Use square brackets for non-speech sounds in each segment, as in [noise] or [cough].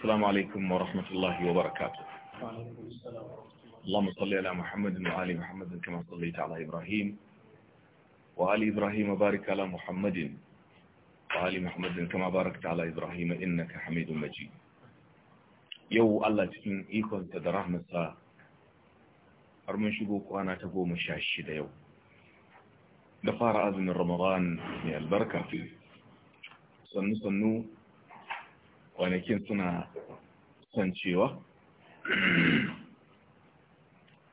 السلام عليكم ورحمة الله وبركاته اللهم صل على محمد وعلى محمد كما صليت على إبراهيم وعلى إبراهيم وبارك على محمد وعلى محمد كما باركت على إبراهيم إنك حميد مجيد يو الله تكون إيكون تدراه مساء أرمن شبوك وأنا تقوم الشاشي يو دفار أذن رمضان من البركة sannu-sannu kwanakin suna son cewa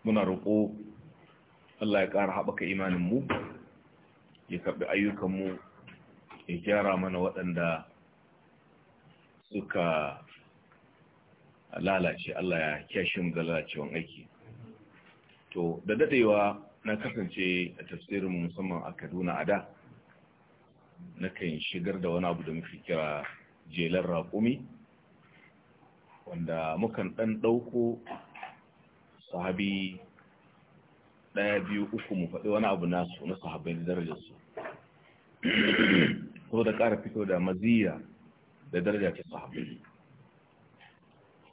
muna roƙo Allah ya ƙara haɓaka imaninmu ya karɓi ayyukanmu ya gyara mana waɗanda suka lalace Allah ya kyashin ga lalacewan aiki to da daɗewa na kasance a tafsirin musamman a Kaduna a da nakan shigar da wani abu da mafi kira jelar raƙumi wanda mukan ɗan ɗauko sahabi ɗaya biyu uku mu faɗi wani abu nasu na sahabai da darajarsu ko [clears throat] da ƙara fito da maziya da daraja ta sahabai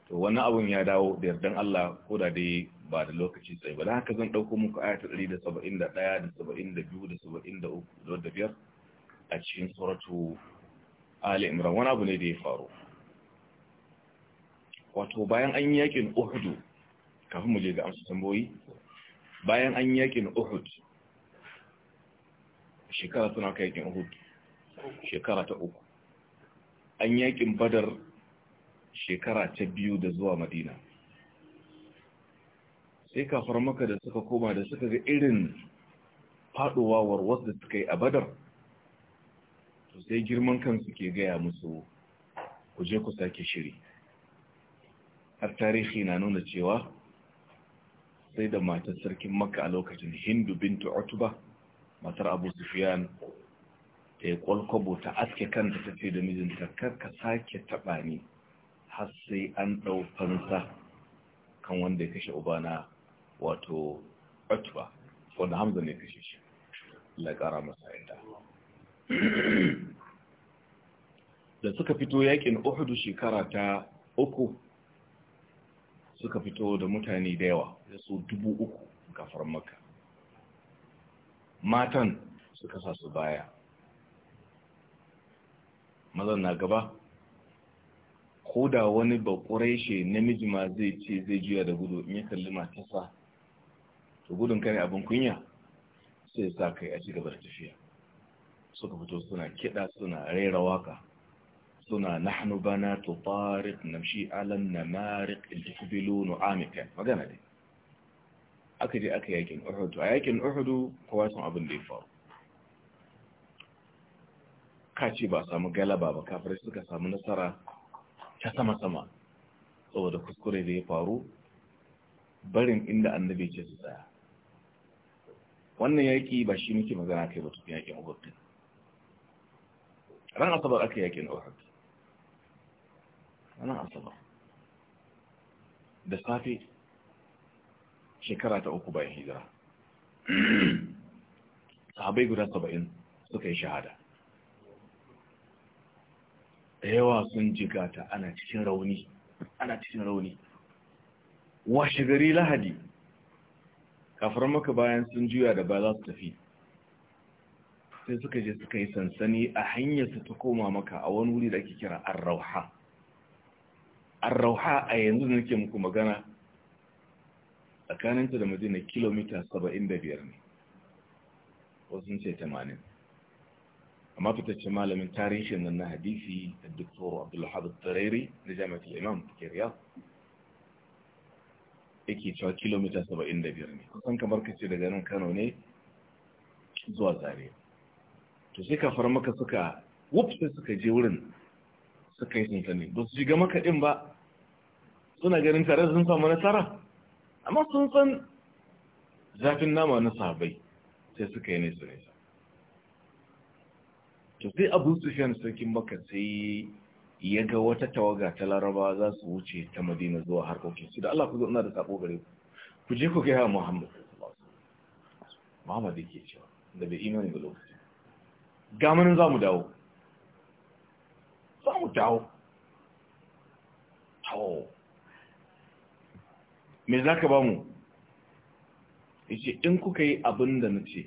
to wani abun ya dawo da yardan Allah ko da dai ba da lokaci tsaye ba da haka zan ɗauko muku ta ɗari da saba'in da ɗaya da saba'in saba'in da da da da biyu uku biyar a cikin suratu ali imran wani abu ne da ya faru wato bayan an yi yakin uhudu kafin mu je ga amsa tamboyi bayan an yi yakin uhud shekara suna kai yakin uhud shekara ta uku an yi yakin badar shekara ta biyu da zuwa madina sai kafar maka da suka koma da suka ga irin faduwa warwas da suka yi a badar to sai girman kansu ke gaya musu ku je ku sake shiri har tarihi na nuna cewa sai da matar sarkin makka a lokacin hindu bintu utuba matar abu sufiyan ta yi kwalkwabo ta aske kanta ta ce da mijinta karka sake taɓa ni har sai an dau fansa kan wanda ya kashe ubana wato utuba wanda hamza ne kashe shi la ƙara masa [clears throat] da suka fito yakin uhudu shekara ta uku suka fito da mutane da yawa da su dubu uku kafar maka matan suka sa su baya mazan na gaba ko da wani shi namiji ma zai ce zai juya da gudu in ya kalli matasa to gudun kare abin kunya sai sa kai a ci gaba da tafiya suka fito suna kiɗa suna rera waka suna nahnu bana tu tariq namshi alan namariq iltikbilu nu'amika magana dai aka je aka yakin uhud a yakin uhud kowa sun abin da ya faru ka ce ba samu galaba ba kafirai suka samu nasara ta sama-sama saboda kuskure da ya faru barin inda annabi ce su tsaya wannan yaki ba shi muke magana kai ba tukin yakin din ran asabar aka yakin uhud ran asabar da safe shekara ta uku bayan hijira [clears throat] sahabai guda saba'in suka yi shahada yawa sun jigata ana cikin rauni ana cikin rauni washe gari lahadi kafar maka bayan sun juya da ba za su tafi sai suka je suka yi sansani a hanyar su ta koma maka a wani wuri da ake kira arrauha arrauha a yanzu da nake muku magana tsakaninta da majina kilomita 75 ne wasu ce 80 amma fitacce malamin tarihin nan na hadisi da doktor abdullahab tarari da jami'ar imam ke yake cewa kilomita 75 ne kusan kamar kace daga nan kano ne zuwa Zariya. to sai kafar maka suka wupsi sai suka je wurin suka yi sunsani, ba su shiga maka ɗin ba suna ganin tare sun samu nasara amma sun san zafin nama na sahabai sai suka yi nesa nesa to sai abu na sarkin baka sai ya ga wata tawaga ta laraba za su wuce ta madina zuwa harkokin su da Allah ku zo ina da sabo gare ku ku je ku kai ha Muhammad Muhammad yake cewa da bai imani ba lokaci gamanin za mu dawo za mu dawo hau me za ka ba mu yace in kuka yi abin da na ce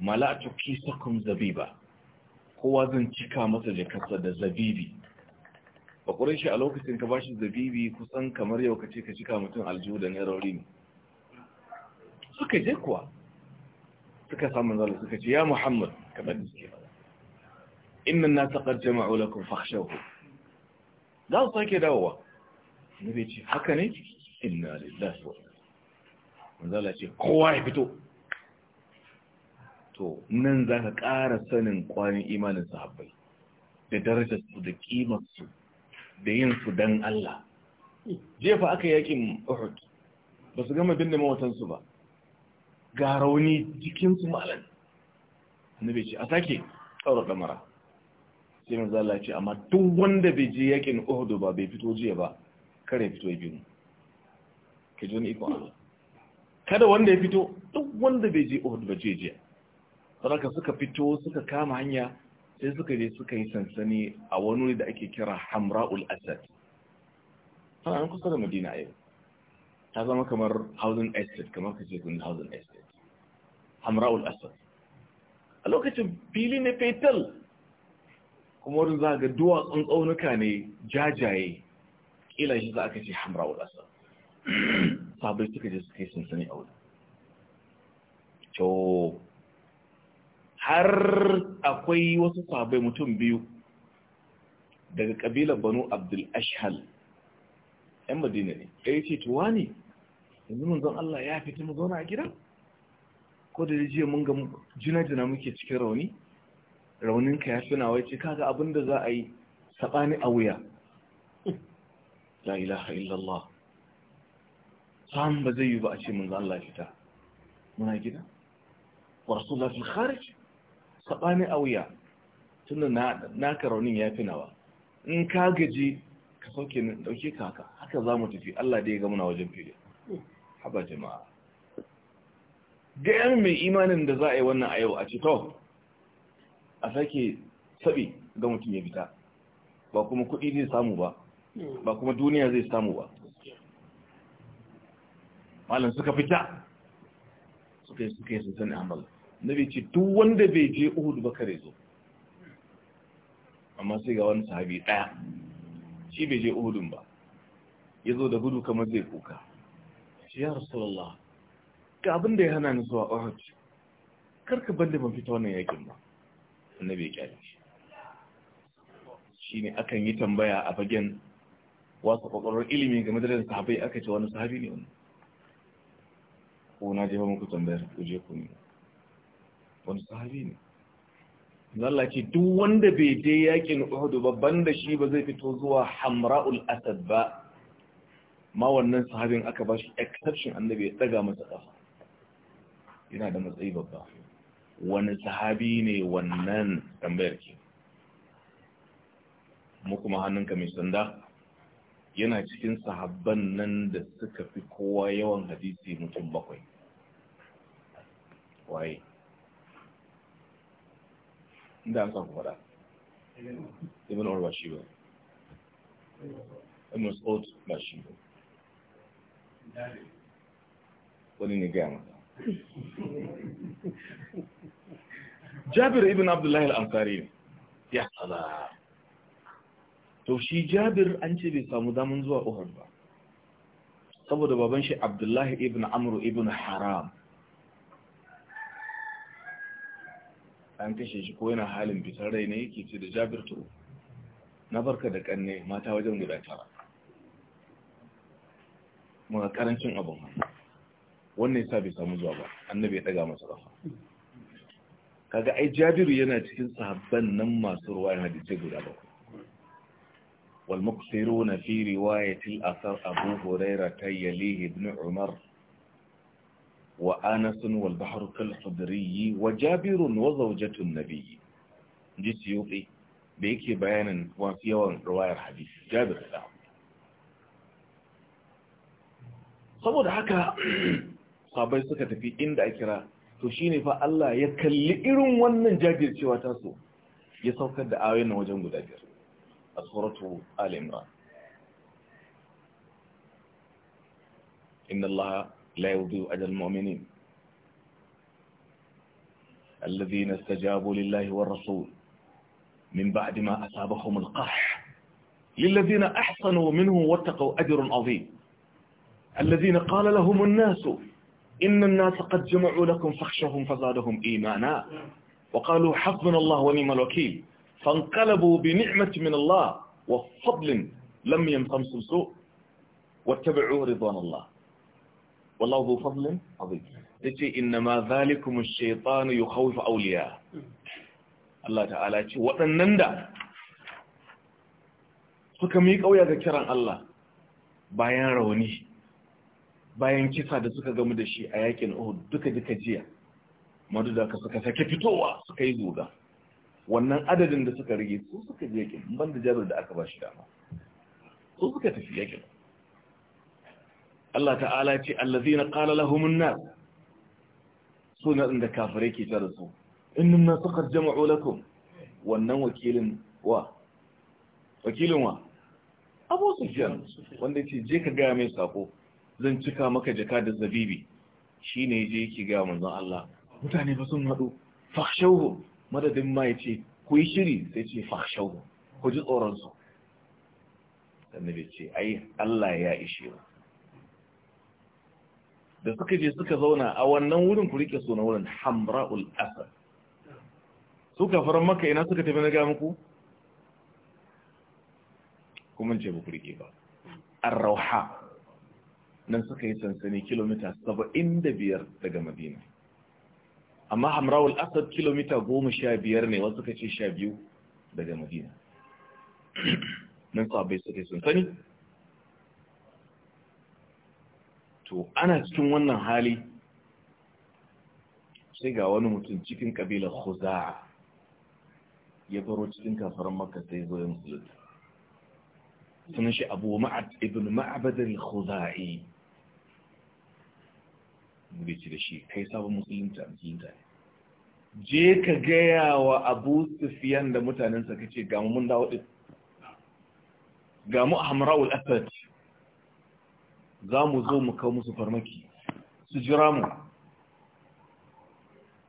mala'atu kisakun zabiba kowa zan cika masa jakarsa da zabibi ba shi a lokacin ka bashi zabibi kusan kamar yau ka ce ka cika mutum aljihu da nerori ne suka je kuwa suka samun zala suka ce ya muhammadu كما إن الناس قد جمعوا لكم فخشوه قال صحيح كده هو النبي يقول حكني إنا لله من ذلك يقول قواي بتو تو من ذلك آر سنة قواني إيمان صحابي ده درجة سودة قيمة سودة دين سودة الله جيفا أكي يكي أحد بس قام بني موتان سوبا قاروني جيكين سمالا annabi ce a sake tsaura damara sai manzo Allah ce amma duk wanda bai je yakin Uhud ba bai fito jiya ba kare fito ya biyu ke jini ikon Allah kada wanda ya fito duk wanda bai je Uhud ba je jiya saboda suka fito suka kama hanya sai suka je suka yi sansani a wani da ake kira Hamra'ul Asad tana nan kusa da Madina yau ta zama kamar Housing Estate kamar ka kace kun Housing Estate Hamra'ul Asad a lokacin fili ne fetal kuma wurin za ga duwatsun tsaunuka ne jajaye ƙila shi za aka ce hamra ƙasa sabai suka je suke sunsuni a wurin to har akwai wasu sabai mutum biyu daga ƙabilar banu abdul ashal yan madina ne ɗaya ce tuwa ne yanzu mun zan Allah ya fita mu zauna a gidan ko da jiya mun ga jina-jina muke cikin rauni rauninka ya fi nawa ce kaga abinda da za a yi saɓani a wuya la ilaha illallah ba zai yi ba a ce mun zan lafita muna gida wasu lafi kharij saɓani a wuya tun da naka raunin ya fi nawa in ka gaji ka sauke dauke kaka haka haka za mu tafi allah da ya gamuna wajen fili haba jama'a gayan mai imanin da za a yi wannan a yau a ce to a sake sabi ga mutum ya fita ba kuma kuɗi zai samu ba ba kuma duniya zai samu ba malam suka fita suka yi suka yi sun amal na bai ce duk wanda bai je Uhudu ba kare zo amma sai ga wani sahabi ɗaya shi bai je uhudun ba ya zo da gudu kamar zai kuka shi ya rasulallah ga abin da ya hana ni zuwa Uhud karka bande ban fita wannan yakin ba annabi ya kyale shi ne akan yi tambaya a fagen wasu kwakwarar ilimi game da sahabai aka ce wani sahabi ne wani ko na ba muku tambayar ku je ku ne wani sahabi ne Allah ce duk wanda bai je yakin Uhud ba banda shi ba zai fito zuwa Hamra'ul Asad ba ma wannan sahabin aka ba shi exception annabi ya tsaga masa kafa yana da matsayi babba wani sahabi ne wannan tambayar ke mu kuma hannunka mai sanda yana cikin sahabban nan da suka fi kowa yawan hadisi mutum bakwai waye inda an samu fada ibn Umar ba shi ba ibn Mas'ud ba shi ba wani ne gaya mata jabir ibn abdullahi al'amfari ne ya tsada to shi jabir an ce bai samu damun zuwa uhud ba saboda baban shi abdullahi ibn amru ibn haram an kashe shi ko yana halin fitar rai ne yake ce da jabir to na barka da kanne mata wajen guda tara muna karancin abin hannu wannan yasa bai samu zuwa ba annabi ya daga masa rafa kaga ai jabiru yana cikin sahabban nan masu ruwayar hadisi guda ba wal muqsiruna fi riwayati al asar Abu Hurairah tayyali ibn Umar wa Anas wal Bahr kal Khudri wa Jabir wa zawjatu an-nabi ji siyuqi da yake bayanin wasu yawan ruwayar hadisi Jabir da saboda haka sabai suka tafi inda a kira to shine fa Allah ya kalli irin wannan jajircewa ta so ya saukar da ayoyin wajen guda biyar a suratu al-imran inna Allah la yudhi ajal muminin alladhina istajabu lillahi war-rasul min ba'di ma asabahum al-qahh للذين أحسنوا منهم واتقوا أجر عظيم الذين قال لهم الناس إن الناس قد جمعوا لكم فخشهم فزادهم إيمانا وقالوا حفظنا الله ونعم الوكيل فانقلبوا بنعمة من الله وفضل لم يمسمسهم سوء واتبعوا رضوان الله والله ذو فضل عظيم تجي إنما ذلكم الشيطان يخوف أولياء الله تعالى وأنن فكم يقوي miƙa الله ga kiran bayan kisa da suka gamu da shi a yakin Uhud duka duka jiya madudaka suka sake fitowa suka yi zuga wannan adadin da suka rage su suka je yakin ban da Jabir da aka ba shi dama su suka tafi yakin Allah ta'ala ce allazina qala lahumun nas suna inda kafirai ke tare su innam nas qad jama'u lakum wannan wakilin wa wakilin wa Abu Sufyan wanda ce je ka ga mai sako zan cika maka jaka da zabibi shi ne je yake ga manzon Allah mutane ba sun haɗu fahshauhu madadin ma ya ce ku yi shiri sai ce fahshauhu ku ji tsoronsu annabi ce ai Allah ya ishe mu da suka je suka zauna a wannan wurin ku rike sunan wurin hamra'ul asad suka faran maka ina suka tafi na ga muku kuma ce ba ku rike ba ar-rauha nan suka yi sansani kilomita saba'in da biyar daga madina amma hamrawul asad kilomita goma sha biyar ne wasu ka ce sha biyu daga madina nan abai suka yi sansani to ana cikin wannan hali sai ga wani mutum cikin kabilar khuza'a ya baro cikin kafaran maka sai zo yin musulunta sunan shi abu ma'ad ibn ma'abad al-khuza'i zai ci da shi kai sabon musulunta a cikin ta je ka gaya wa abu sufiyan da mutanensa ka ce gamu mun dawo ɗin gamu a hamra'ul asad za mu zo mu kawo musu farmaki su jira mu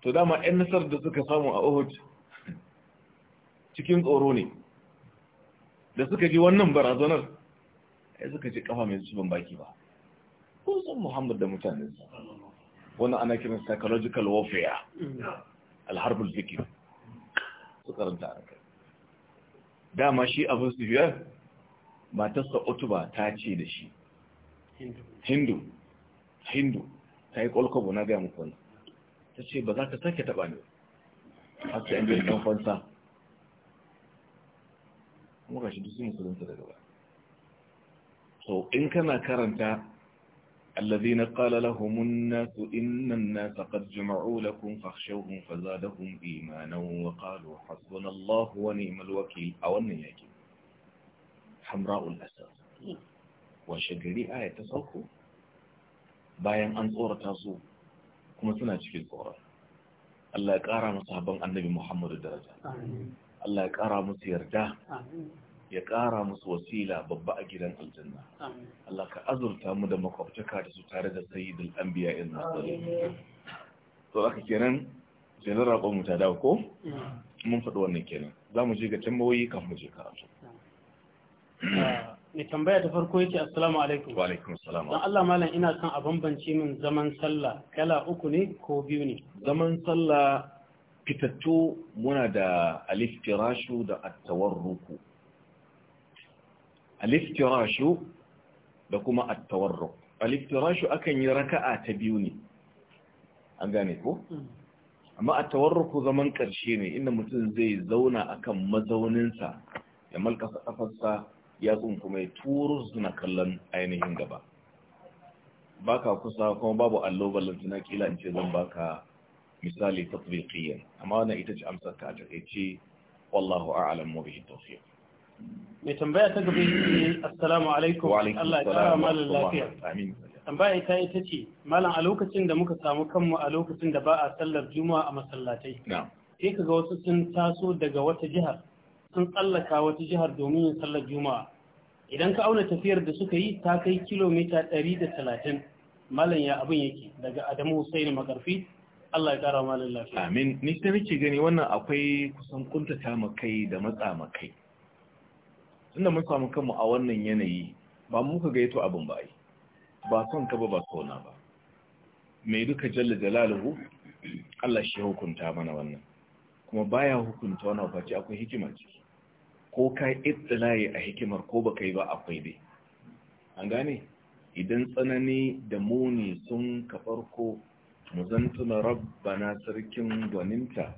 to dama 'yan nasar da suka samu a ohud cikin tsoro ne da suka ji wannan barazanar ya suka ce kafa mai ban baki ba kun san muhammad da mutanensa wannan ana kiran psychological warfare alharbul zikir su karanta a kai dama shi abin su biyar matarsa otuba ta ce da shi hindu hindu ta yi kwalkwabo na gaya muku ta ce ba za ka sake taɓa ne a sai an kamfansa. ɗan fansa muka shi duk sun musulunta daga ba so in kana karanta الذين قال لهم الناس إن الناس قد جمعوا لكم فاخشوهم فزادهم إيمانا وقالوا حسبنا الله ونعم الوكيل أو النياك حمراء الأساس وشجري آية تسوكو bayan an tsorata su kuma suna cikin tsoron Allah ya ƙara musu haban annabi Muhammadu daraja Allah ya ƙara musu yarda ya ƙara musu wasila babba a gidan aljanna Allah ka azurta mu da makwabtaka da su tare da sayyidul anbiya in nasari to aka kenan jenar rabon mu ta dawo ko mun faɗi wannan kenan za mu je ga tambayoyi kan mu je karatu ah, mai tambaya ta farko yake assalamu alaikum wa alaikum assalam dan Allah malam ina son a bambance min zaman sallah kala uku ne ko biyu ne zaman sallah fitattu muna da alif aliftirashu da at-tawarruku aliftirashu da kuma attawarru aliftirashu akan yi raka'a ta biyu ne an gane ko amma attawarru zaman karshe ne inda mutum zai zauna akan mazauninsa ya malkasa kafarsa ya kuma ya turu kallon ainihin gaba baka kusa kuma babu allo ballantana kila in ce zan baka misali tatbiqiyyan amma wannan ita ce amsar ka a takeice wallahu a'lam wa bihi tawfiq mai tambaya ta gaba yi assalamu alaikum Allah ya kara malam lafiya tambaya ta ita ce malam a lokacin da muka samu kanmu a lokacin da ba a sallar juma'a a masallatai sai kaga wasu sun taso daga wata jihar sun tsallaka wata jihar domin yin sallar juma'a idan ka auna tafiyar da suka yi ta kai kilomita ɗari da talatin malam ya abin yake daga Adamu Hussein Makarfi Allah ya kara malam lafiya amin ni sai nake gani wannan akwai kusan kuntata makai da matsa makai inda mun samu kanmu a wannan yanayi ba muka gaito abin ba yi ba son ka ba ba sona ba mai duka jalla jalaluhu Allah shi hukunta mana wannan kuma baya hukunta wani face akwai hikimar ciki ko ka layi a hikimar ko ba yi ba akwai dai an gane idan tsanani da muni sun ka farko mu zantuna rabbana sarkin gwaninta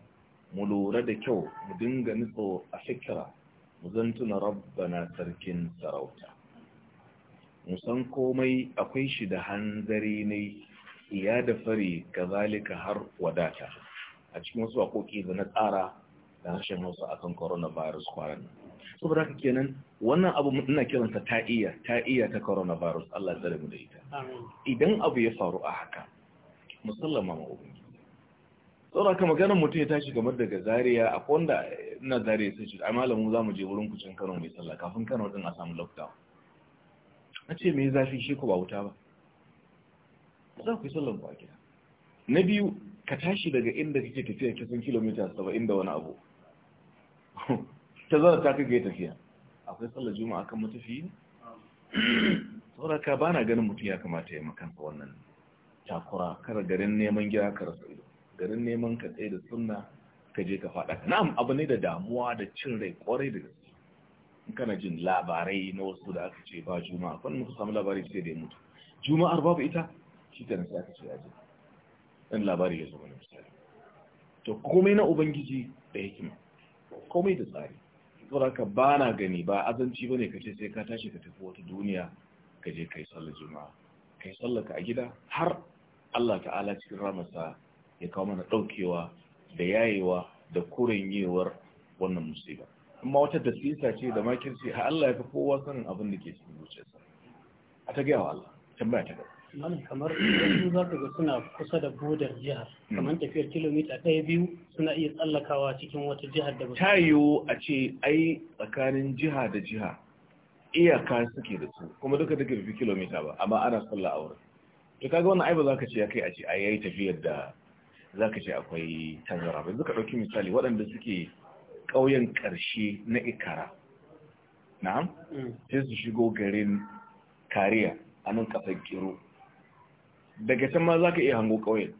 mu lura da kyau mu dinga nitso a fikira zan tuna rabbana sarkin sarauta musan komai akwai shi da hanzari ne iya da fari kazalika har wadata a cikin wasu waƙoƙi da na tsara da harshen hausa akan coronavirus kwanan saboda haka kenan wannan abu ina kiransa ta iya ta iya ta coronavirus Allah ya tsare mu da ita idan abu ya faru a haka musallama ma tsoron ka maganar mutum ya tashi kamar daga zaria a wanda ina zaria sai shi a malamu za mu je wurin kucin kano mai sallah kafin kano din a samu lockdown A ce mai zafi shi ko ba wuta ba za ku yi sallan ba gida na biyu ka tashi daga inda kake tafiya kisan kilomita saba'in da wani abu ta zara ta kai kage tafiya akwai sallar juma'a kan matafi ne ka ba na ganin mutum ya kamata ya makansa wannan takura kara garin neman gida ka rasa ido garin neman ka tsaye da sunna ka je ka faɗa na'am abu ne da damuwa da cin rai kwarai da gaske in kana jin labarai na wasu da aka ce ba juma'a kun muka samu labari sai da mutu juma'ar babu ita shi ta nasa aka ce ji dan labari ya zama misali to komai na ubangiji da hikima komai da tsari saboda ka na gani ba azanci bane ce, sai ka tashi ka tafi wata duniya ka je kai sallar juma'a kai sallar ka a gida har Allah ta'ala cikin ramarsa ya kawo mana ɗaukewa da yayewa da kuren yiwuwar wannan musiba amma wata dasisa ce da ce ha Allah ya fi kowa sanin abin da ke cikin zuciyarsa a ta gaya wa Allah tambaya ta gaba malam kamar yanzu za ka ga suna kusa da bodar jihar kamar hmm. tafiyar kilomita ɗaya biyu suna iya tsallakawa cikin wata jihar da ta yiwu a ce ai tsakanin jiha da jiha iyaka suke da su kuma duka duka fi kilomita ba amma ana sallah a wurin to kaga wannan ai ba za ka ce ya kai a ce ai yayi tafiyar da za ka ce akwai tazara ba zuka ɗauki misali waɗanda suke ƙauyen ƙarshe na ikara na? Mm. sai su shigo garin kariya a nan ƙasar kiro daga can ma za ka iya hango ƙauyen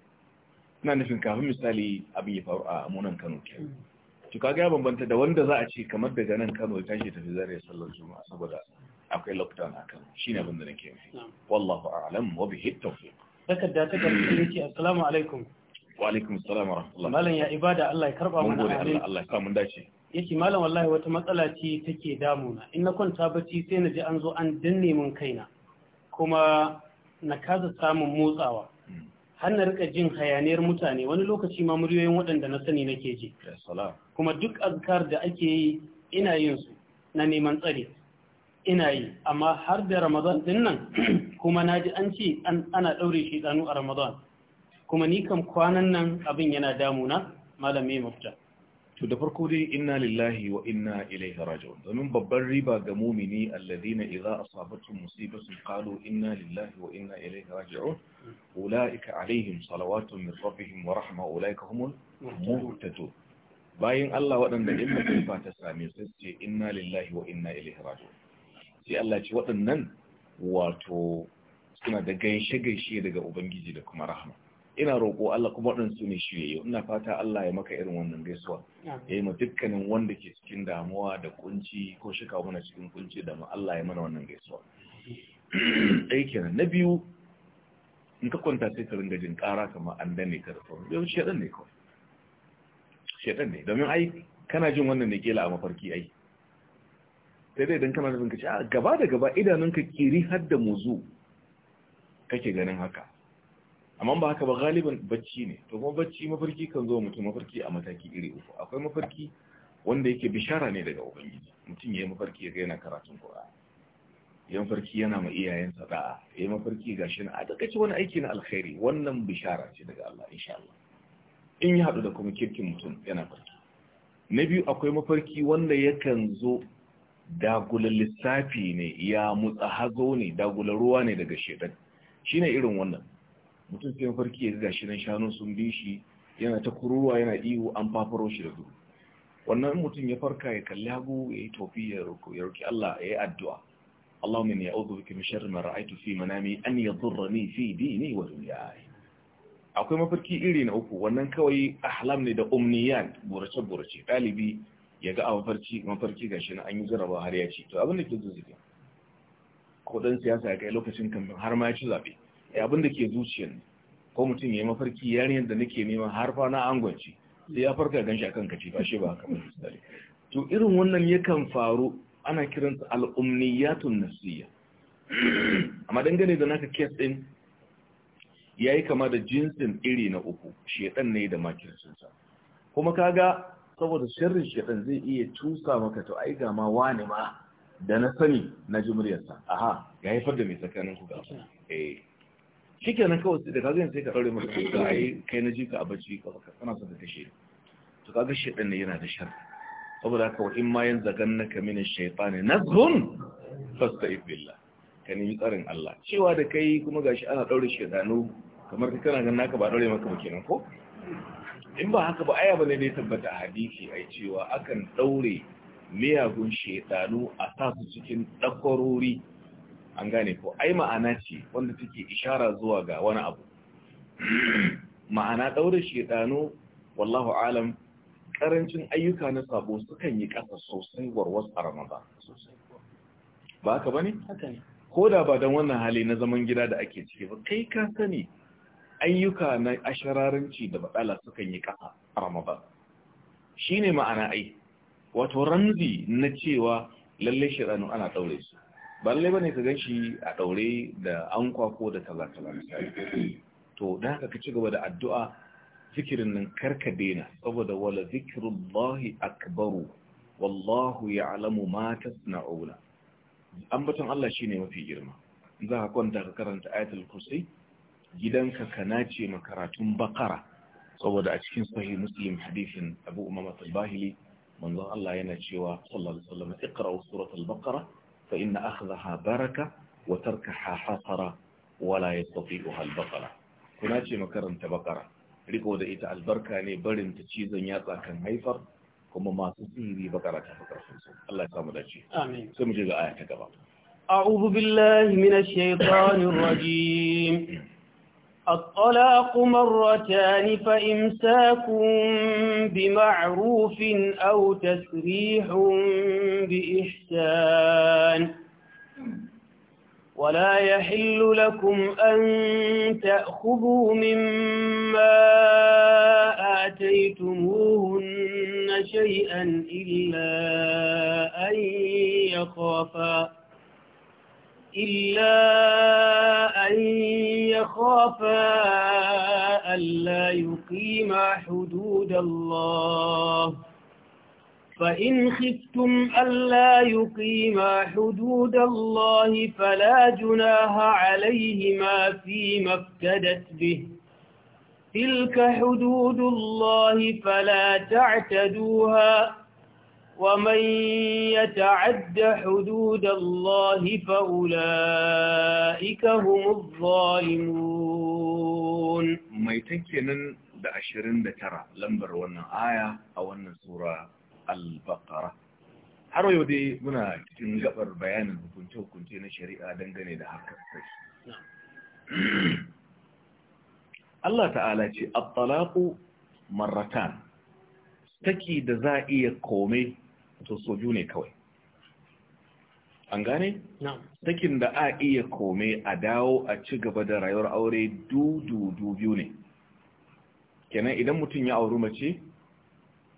na nufin kafin misali abin ya faru a munan kano ke mm. kaga ya bambanta da wanda za a ce kamar daga nan kano ya tashi tafi zare sallar juma'a saboda akwai lockdown a kano shi ne abin da nake wallahu a'lam wa bihi tawfiq takarda takarda yake assalamu alaikum wa alaikum wa rahmatullah malam ya ibada Allah ya karba mana amin Allah ya sa mun dace malam wallahi wata matsala ce take damuna in na kwanta bacci sai na ji an zo an danne min kaina kuma na kasa samun motsawa hmm. har na rika jin hayaniyar mutane wani lokaci ma muryoyin waɗanda na sani nake ji kuma duk azkar da ake yi ina yin su na neman tsare ina yi amma har da ramadan din nan [clears throat] kuma na ji an ce ana ɗaure ɗanu a ramadan kuma ni kam kwanan nan abin yana damuna malami mafita to da farko dai inna lillahi wa inna ilaihi raji'un domin babban riba ga mumini alladhina idza asabatuhum musibatun qalu inna lillahi wa inna ilaihi raji'un ulaika alaihim salawatun min rabbihim wa rahma ulaika humul muhtadun bayin Allah waɗanda in musiba ta same su ce inna lillahi wa inna ilaihi raji'un sai Allah ce waɗannan wato suna da gaishe gaishe daga ubangiji da kuma rahma ina roƙo Allah kuma ɗin su ne shiyayyo ina fata Allah ya maka irin wannan gaisuwa ya yi ma dukkanin wanda ke cikin damuwa da kunci ko shika mana cikin kunci da Allah ya mana wannan gaisuwa aikin na biyu in ka kwanta sai ka ringa jin ƙara kamar an danne ka da sauran yau shaɗan ne kawai shaɗan ne domin ai kana jin wannan ne kela a mafarki ai sai dai idan kana da ka ce ah, gaba da gaba idanunka kiri har da muzu kake ganin haka amma ba haka ba galiban bacci ne to kuma bacci mafarki kan zo mutum mafarki a mataki iri uku akwai mafarki wanda yake bishara ne daga ubangiji mutum ya yi mafarki ya yana karatun qur'ani ya mafarki yana ma sa da'a ya yi mafarki gashi na a takaice wani aiki na alkhairi wannan bishara ce daga Allah insha Allah in ya haɗu da kuma kirkin mutum yana farki na biyu akwai mafarki wanda yakan zo dagulan lissafi ne ya mutsa hazo ne dagulan ruwa ne daga shedan shine irin wannan mutum sai farki ya gashi nan shanun sun bi shi yana ta kuruwa yana ihu an fafaro shi da duru wannan mutum ya farka ya kalli hagu ya yi tofi ya roƙi Allah ya yi addu'a Allah min ya uzu biki mishar ma ra'aitu fi manami an ya zurra ni fi ne wa dunyayi akwai mafarki iri na uku wannan kawai ahlam ne da umniyan burace burace ɗalibi ya ga a mafarki ga shi na an yi jaraba har ya ci to abin da ke zuzuki ko siyasa ya kai lokacin kamfan har ma ya ci zaɓe Eh, abin da ke zuciyar ko mutum ya yi mafarki yarinyar da nake nema harfa na angonci sai ya farka ganshi akan kaci ba shi ba kamar misali to irin wannan yakan faru ana kiransa al'umniyatun nasiya amma dangane da naka kes din yayi kama da jinsin iri na uku shedan ne da makircinsa kuma kaga saboda shirin shedan zai iya tusa maka to ai ga ma wani ma da na sani na jumriyarsa aha ya haifar da mai tsakanin ku ga eh shikenan kenan sai da ka gani sai ka ɗaure masa ka kai na jika a bacci ka baka kana son ka kashe to kaga shaitan ne yana da shar saboda haka wa in ma yan zagannaka min ash ne nazrun fasta'id billah ka nemi tsarin Allah cewa da kai kuma gashi ana daure shaitanu kamar ka kana ganin naka ba daure maka ba kenan ko in ba haka ba aya bane ne tabbata hadisi ai cewa akan daure miyagun shaitanu a tasu cikin dakwarori an gane ko ai ma'ana ce wanda take ishara zuwa ga wani abu [clears throat] ma'ana ɗaurin shedano wallahu alam karancin ayyuka na sabo sukan yi ƙasa sosai warwas a ramadan ba haka bane ko da ba don wannan hali na zaman gida da ake ciki ba kai ka sani ayyuka na ashararanci da baɗala sukan yi ƙasa a ramadan shine ma'ana ai wato ramzi na cewa lalle ranu ana ɗaure ba ne bane ka ganshi a daure da ankwa ko da kaza kaza misali to da haka ka ci gaba da addu'a zikirin nan karka daina saboda wala zikrullahi akbaru wallahu ya'lamu ma tasna'una ambaton Allah shine mafi girma za ka kwanta ka karanta ayatul kursi gidanka ka ce makaratun bakara saboda a cikin sahih muslim hadisin abu umama al-bahili manzon Allah yana cewa sallallahu alaihi wasallam iqra suratul baqara فإن أخذها بركة وتركها حسرة ولا يستطيعها البقرة kuna ce makaranta bakara riko da ita albarka ne barin ta cizon yatsa kan haifar kuma masu tsiri bakara ta fakar su Allah ya samu dace amin sai mu je ga aya ta gaba a'udhu billahi minash shaitanir rajim الطلاق مرتان فإمساك بمعروف أو تسريح بإحسان ولا يحل لكم أن تأخذوا مما آتيتموهن شيئا إلا أن يخافا إلا أن يخافا ألا يقيما حدود الله فإن خفتم ألا يقيما حدود الله فلا جناها عليهما فيما افتدت به تلك حدود الله فلا تعتدوها ومن يتعد حدود الله فأولئك هم الظالمون ما ميتكنا بأشرين بترى لنبر ونا آية أو أن سورة البقرة حروي ودي منا تنقبر بيانا بكنتو كنتين شريئة دنقني ده حركة نعم. الله تعالى الطلاق مرتان تكي دزائي قومي to so ne kawai an gane? sakin da a iya kome a dawo a ci gaba da rayuwar aure du-du-du biyu ne kenan idan mutum ya auri mace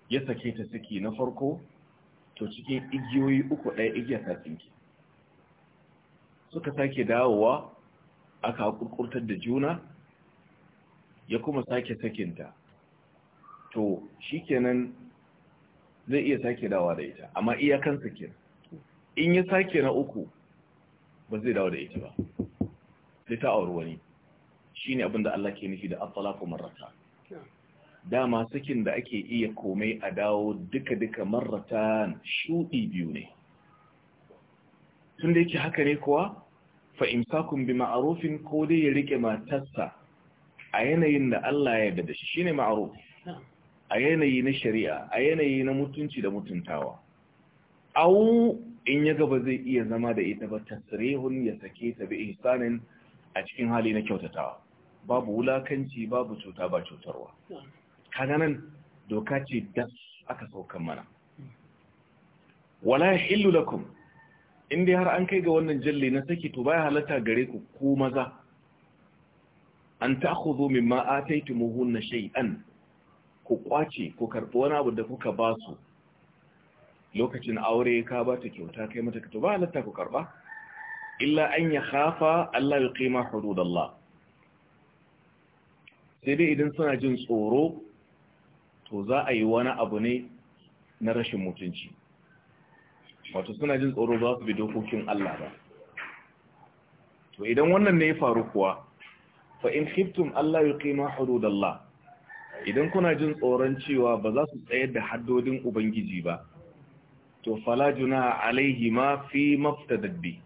ya sake ta siki na farko to cikin igiyoyi uku ɗaya igiya ta tsinki suka sake dawowa aka kurkurtar da juna ya kuma sake sakinta to shi shikenan zai iya sake dawa da ita amma iyakansa ke in ya sake na uku ba zai dawo da ita ba sai ta auri wani Shi ne abinda Allah ke nufi da at-talaqu dama sakin da ake iya komai a dawo duka-duka marata shudi biyu ne tun da yake haka ne kuwa fa sakun bi ma'arufin ko dai ya riƙe matarsa a yanayin da Allah ya da shi ne ma'arufi a yanayi na shari'a a yanayi na mutunci da mutuntawa au in ya gaba zai iya zama da ita ba tasrihun ya sake ta bi ihsanin a cikin hali na kyautatawa babu wulakanci babu cuta ba cutarwa kaga doka ce da aka saukan mana wala yahillu lakum in dai har an kai ga wannan jalle na saki to baya halatta gare ku ko maza an ta'khudhu mimma ataytumuhunna shay'an ku kwace ku karɓi wani abu da kuka ba su lokacin aure ka ba ta kyauta kai mata kato ba halatta ku karɓa illa an ya hafa Allah ya kima Allah sai dai idan suna jin tsoro to za a yi wani abu ne na rashin mutunci wato suna jin tsoro za su bi dokokin Allah ba to idan wannan ne ya faru kuwa fa in khiftum Allah da hududallah idan kuna jin tsoron cewa ba za su tsayar da haddodin ubangiji ba to fala juna alaihi ma fi maftadabbi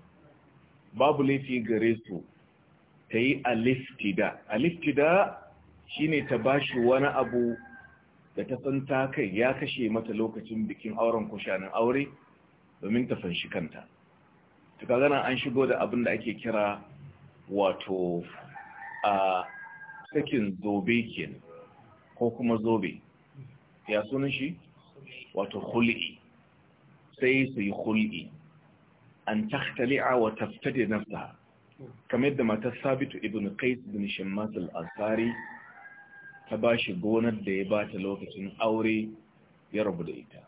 babu laifi gare su ta yi aliftida aliftida ne ta bashi wani abu da ta san ta kai ya kashe mata lokacin bikin auren kushanin aure domin ta fanshi kanta ta kagana an shigo da abin da ake kira wato a sakin zobe kenan ko kuma zobe ya sunan shi wato hul'i sai su yi hul'i an takhtali'a wa taftade nafsa kamar yadda matar sabitu ibn qais bin shimmas al-ansari ta bashi gonar da ya bata lokacin aure ya rabu da ita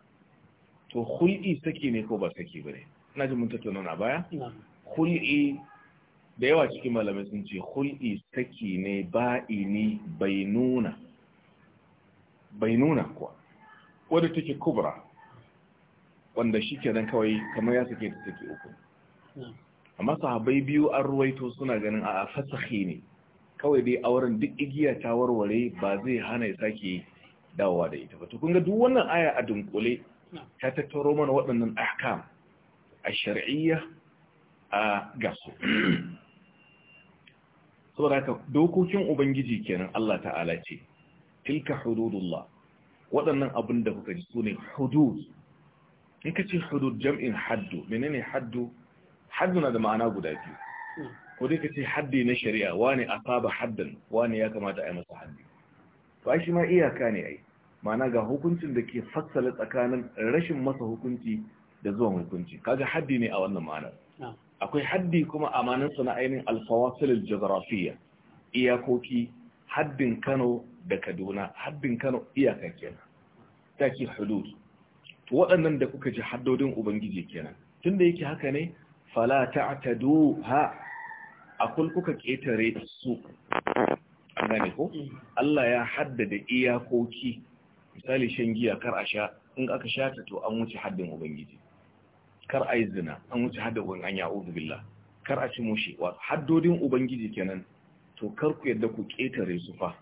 to hul'i saki ne ko ba saki bane ina jin mun tattauna na baya hul'i da yawa cikin malamai sun ce hul'i saki ne ba'ini bai nuna bai nuna kuwa wadda take kubra wanda shi kenan kawai kamar ya suke ta take uku amma sahabai biyu an ruwaito suna ganin a fasahi ne kawai dai auren duk igiya ta warware ba zai hana ya sake dawowa da ita ba to kun ga duk wannan aya a dunkule ta tattaro mana waɗannan ahkam a shar'iyya a gasu saboda haka dokokin ubangiji kenan Allah ta'ala ce tilka hududullah waɗannan abin da kuka ji su ne hudud in ka ce hudud jam'in haddu menene haddu haddu na da ma'ana guda biyu ko dai ka ce haddi na shari'a wani asaba haddan wani ya kamata a yi masa haddi to ai shi ma iyaka ne ai ma'ana ga hukuncin da ke fassala tsakanin rashin masa hukunci da zuwan hukunci kaga haddi ne a wannan ma'anar akwai haddi kuma a amanin na ainihin alfawasil aljazrafiyya iyakoki haddin Kano da kaduna haddin kano iyakar kenan taki hudud to waɗannan da kuka ji haddodin ubangiji kenan tunda yake haka ne fala ta'tadu ha akul kuka ketare su an gane ko Allah ya haddada iyakoki misali shan giya kar a sha in aka sha ta to an wuce haddin ubangiji kar a yi zina an wuce haddin ubangiji an ya'udhu billah kar a ci mushi wa haddodin ubangiji kenan to kar ku yadda ku ketare su fa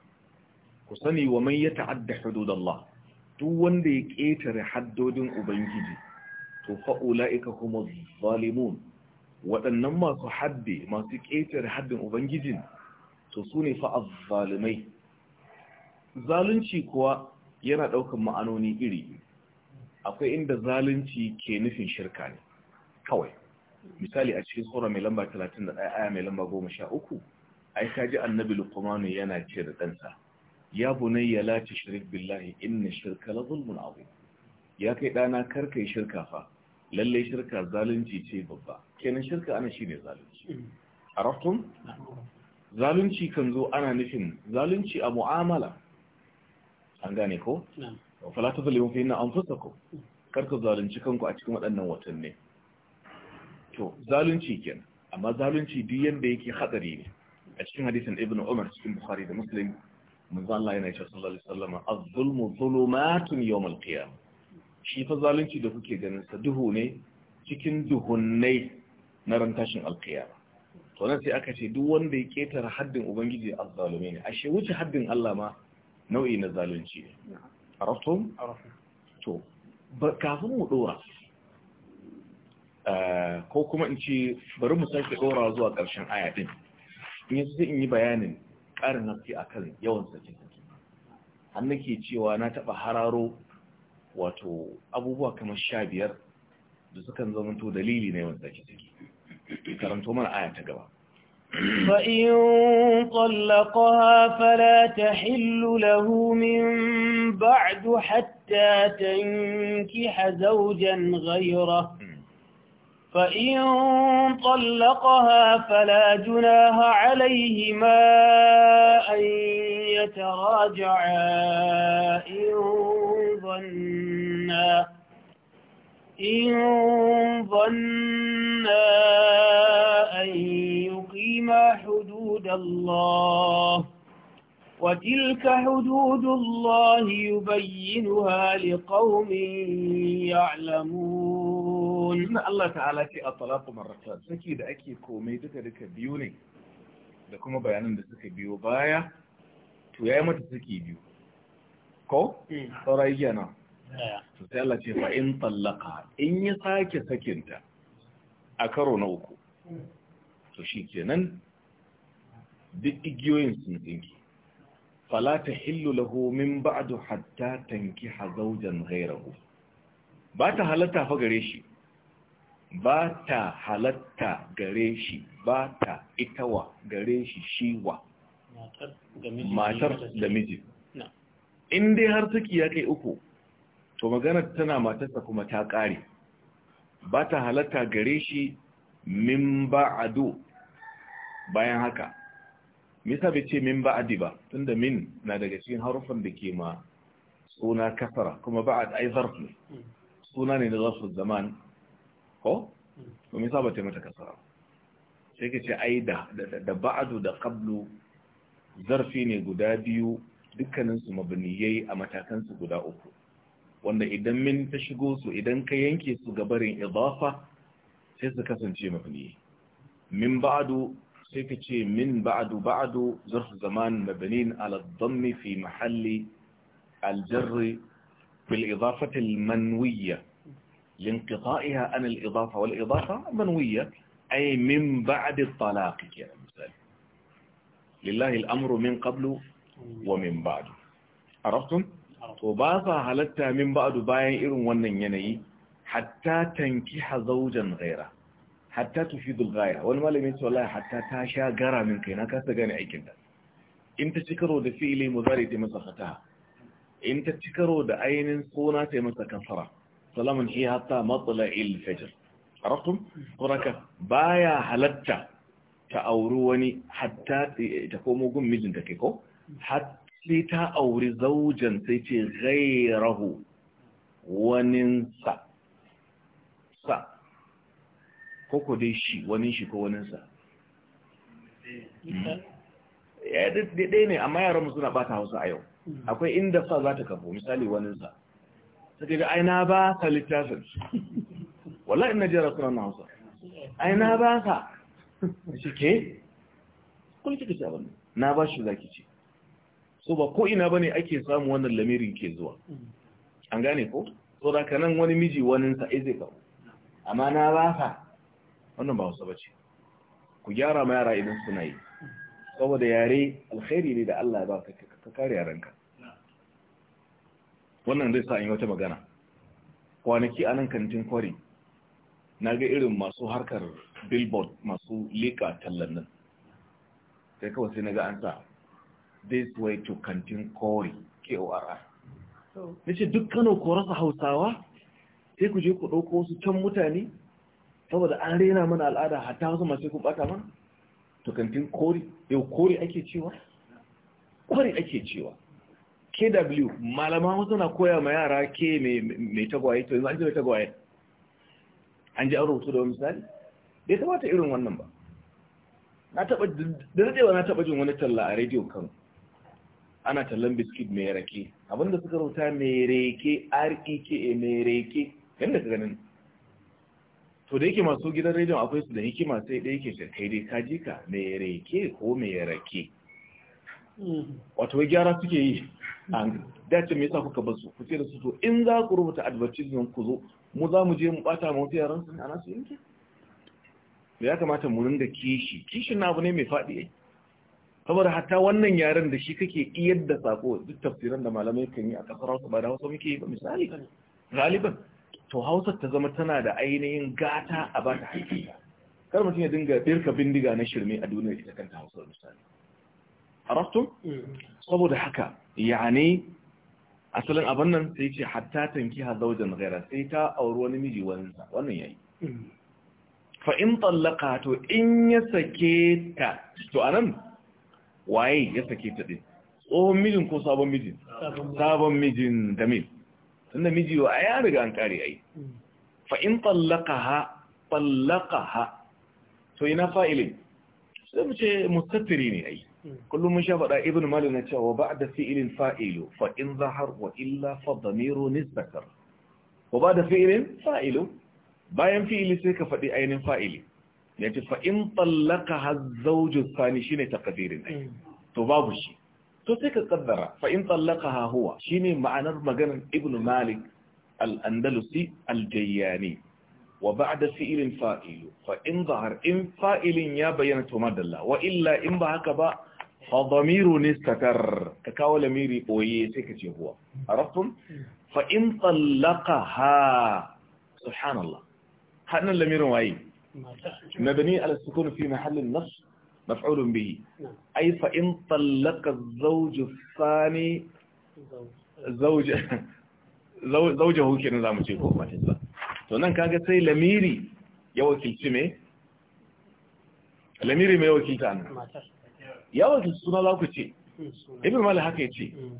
ku sani wa man ya ta'adda hududallah duk wanda ya ƙetare haddodin ubangiji to fa ulaika kuma zalimun waɗannan masu haddi masu ƙetare haddin ubangijin to su ne fa azzalimai zalunci kuwa yana ɗaukar ma'anoni iri akwai inda zalunci ke nufin shirka ne kawai misali a cikin sura mai lamba 31 aya mai lamba 13 ai kaji annabi luqmanu yana ce da ɗansa ya bunayya la tushrik billahi inna shirka la zulmun azim ya kai dana karka yi shirka fa lalle shirka zalunci ce babba kenan shirka ana shine zalunci araftum zalunci kan zo ana nufin zalunci a mu'amala an gane ko fala tazlimu fi inna anfusakum karka zalunci kanku a cikin waɗannan watanni to zalunci kenan amma zalunci duk yanda yake hadari ne a cikin hadisin ibnu umar cikin bukhari da muslim manzo Allah yana cewa sallallahu alaihi wasallam az-zulmu zulumatun yawm al-qiyam shi fa zalunci da kuke ganin sa duhu ne cikin duhunnai na ran tashin al to nan sai aka ce duk wanda ya ketara haddin ubangiji az-zalimi ne ashe wuce haddin Allah ma nau'i na zalunci ne araftum to kafin mu dora eh, ko kuma in ce bari mu sake dora zuwa ƙarshen aya din in yanzu in yi bayanin ƙarin a kan yawan sake-sake har nake cewa na taɓa hararo wato abubuwa kamar sha biyar da sukan zamanto dalili na yawan sake karanto mana aya ta gaba فإن طلقها فلا تحل له من بعد حتى تنكح زوجا غيره فإن طلقها فلا جناها عليهما أن يتراجعا إن ظنا إن ظنا أن يقيما حدود الله وتلك حدود الله يبينها لقوم يعلمون ayoyi na Allah ta'ala ce a talaqu marratan saki da ake komai duka duka biyu ne da kuma bayanan da suka biyo baya to yi mata saki biyu ko sarai yana to sai Allah ce fa in talaqa in ya sake sakinta a karo na uku to nan duk igiyoyin sun tsinki fala tahillu lahu min ba'du hatta tankiha zawjan ghayrahu ba ta halatta fa gare shi ba ta halatta gare shi ba ta itawa gare shi shiwa matar da miji in dai har saki ya kai uku to magana tana matarsa kuma ta kare ba ta halatta gare shi min ba'adu bayan haka misa bai ce min ba ba'adi ba tunda min na daga cikin harufan da ke ma suna kasara kuma ba a zarf hmm. suna ne na zarfin zaman ko to me saba kasara sai kace ai da da da qablu zarfi ne guda biyu dukkanin su mabniyai a matakan su guda uku wanda idan min ta shigo su idan ka yanke su gabarin idafa sai su kasance mabniyai min ba'adu sai ka ce min ba'adu ba'adu zarf zaman mabnin ala dhammi fi mahalli al-jarr bil idafati al-manwiyya لانقطائها عن الإضافة والإضافة منوية أي من بعد الطلاق لله الأمر من قبل ومن بعد عرفتم؟ وباطا هلتا من بعد بائر إرم حتى تنكح زوجا غيره حتى تفيد الغاية والمالي الله حتى تاشا غرى من كينك تغاني أي كنت انت تكرو دفئ لي مزاري تمسختها انت تكرو دعين صونات مسكا صراح salamun hiya hatta matla'il fajr arqum Ba baya halatta ta auri wani hatta ta komo gun mijin take ko hatta ta auri zaujan sai ce gairahu waninsa sa koko dai shi wani shi ko waninsa ya hmm. eh, ɗaya ne amma yaran suna bata hausa a yau hmm. akwai inda sa za ta kafo misali waninsa suka ga aina ba ka littafin wala ina jera suna na hausa aina ba ka shi ke kuma kika ce abin na ba shi zaki ce so ba ko ina bane ake samu wannan lamirin ke zuwa an gane ko so da nan wani miji wani sa zai ka amma na ba ka wannan ba hausa ba ce ku gyara ma yara idan suna yi saboda yare alkhairi ne da Allah ya ba ka kare yaranka wannan zai sa in wata magana kwanaki a nan kantin kwari na ga irin masu harkar billboard masu leka tallan nan sai kawai sai na ga an sa this way to kantin kwari kora na ce duk kano ko rasa hausawa sai ku je ku ɗauko wasu can mutane saboda an rena mana al'ada hata wasu masu ku ɓata mana to kantin kori yau kori ake cewa kwari ake cewa KW malama wasu na koya ma yara ke mai tagwaye to yanzu an ji mai tagwaye an ji an rubutu da misali bai kamata irin wannan ba na taba da dadewa na taba jin wani talla a rediyo kan ana tallan biskit mai rake abinda suka rubuta mai reke e reke mai reke yadda ka ganin to da yake masu gidan rediyon akwai su da hikima sai da ke shirkai dai ka ji ka mai rake ko mai rake wato gyara suke yi dace me yasa kuka bar su ku ce da su to in za ku rubuta advertisement ku zo mu za mu je mu bata mu wasu yaran sun ana su yanke da ya kamata mu ringa kishi kishin abu ne mai faɗi ai saboda hatta wannan yaren da shi kake iyar da sako duk tafsiran da malamai kan yi a kasar Hausa ba da Hausa muke yi ba misali galiban to Hausa ta zama tana da ainihin gata a ba ta hakika kar mutum ya dinga birka bindiga na shirme a duniyar ita kanta Hausa misali arabtum mm. saboda haka yani asalin abin nan sai ce hatta tanki ha zaujan ghaira sai ta auri wani miji wannan yayi hmm. fa in tallaka to in ya sake ta to anan waye ya sake ta din tsohon mijin ko sabon mijin sabon mijin jamil tunda miji wa ya riga an kare ai hmm. fa in tallaka tallaka to ina fa'ilin sai mu ce mustattiri ne ai kullum mun sha faɗa ibn malik na cewa da fi'ilin fa'ilu fa in zahar wa illa fa dhamiru nisbatar wa da fi'ilin fa'ilu bayan fi'ili sai ka faɗi ainihin fa'ili yace fa in tallaka Sani thani shine taqdirin ai mm. to babu shi to sai ka kaddara fa in tallaqaha huwa shine ma'anar maganar ibn malik al-andalusi al-jayyani وبعد فعل فائل فإن ظهر إن فائل يا بينة illa in ba haka ba. فضمير نستتر كاو لميري بوي سكتي هو عرفتم فإن طلقها سبحان الله حقنا اللمير وعي مبني على السكون في محل النص مفعول به أي فإن طلق الزوج الثاني زوج زوجه كنا زعما تشوفوا ما تشوفوا to nan kaga sai lamiri ya wakilci me lamiri mai wakilta nan yawan suna lokaci ku ce haka yace hmm.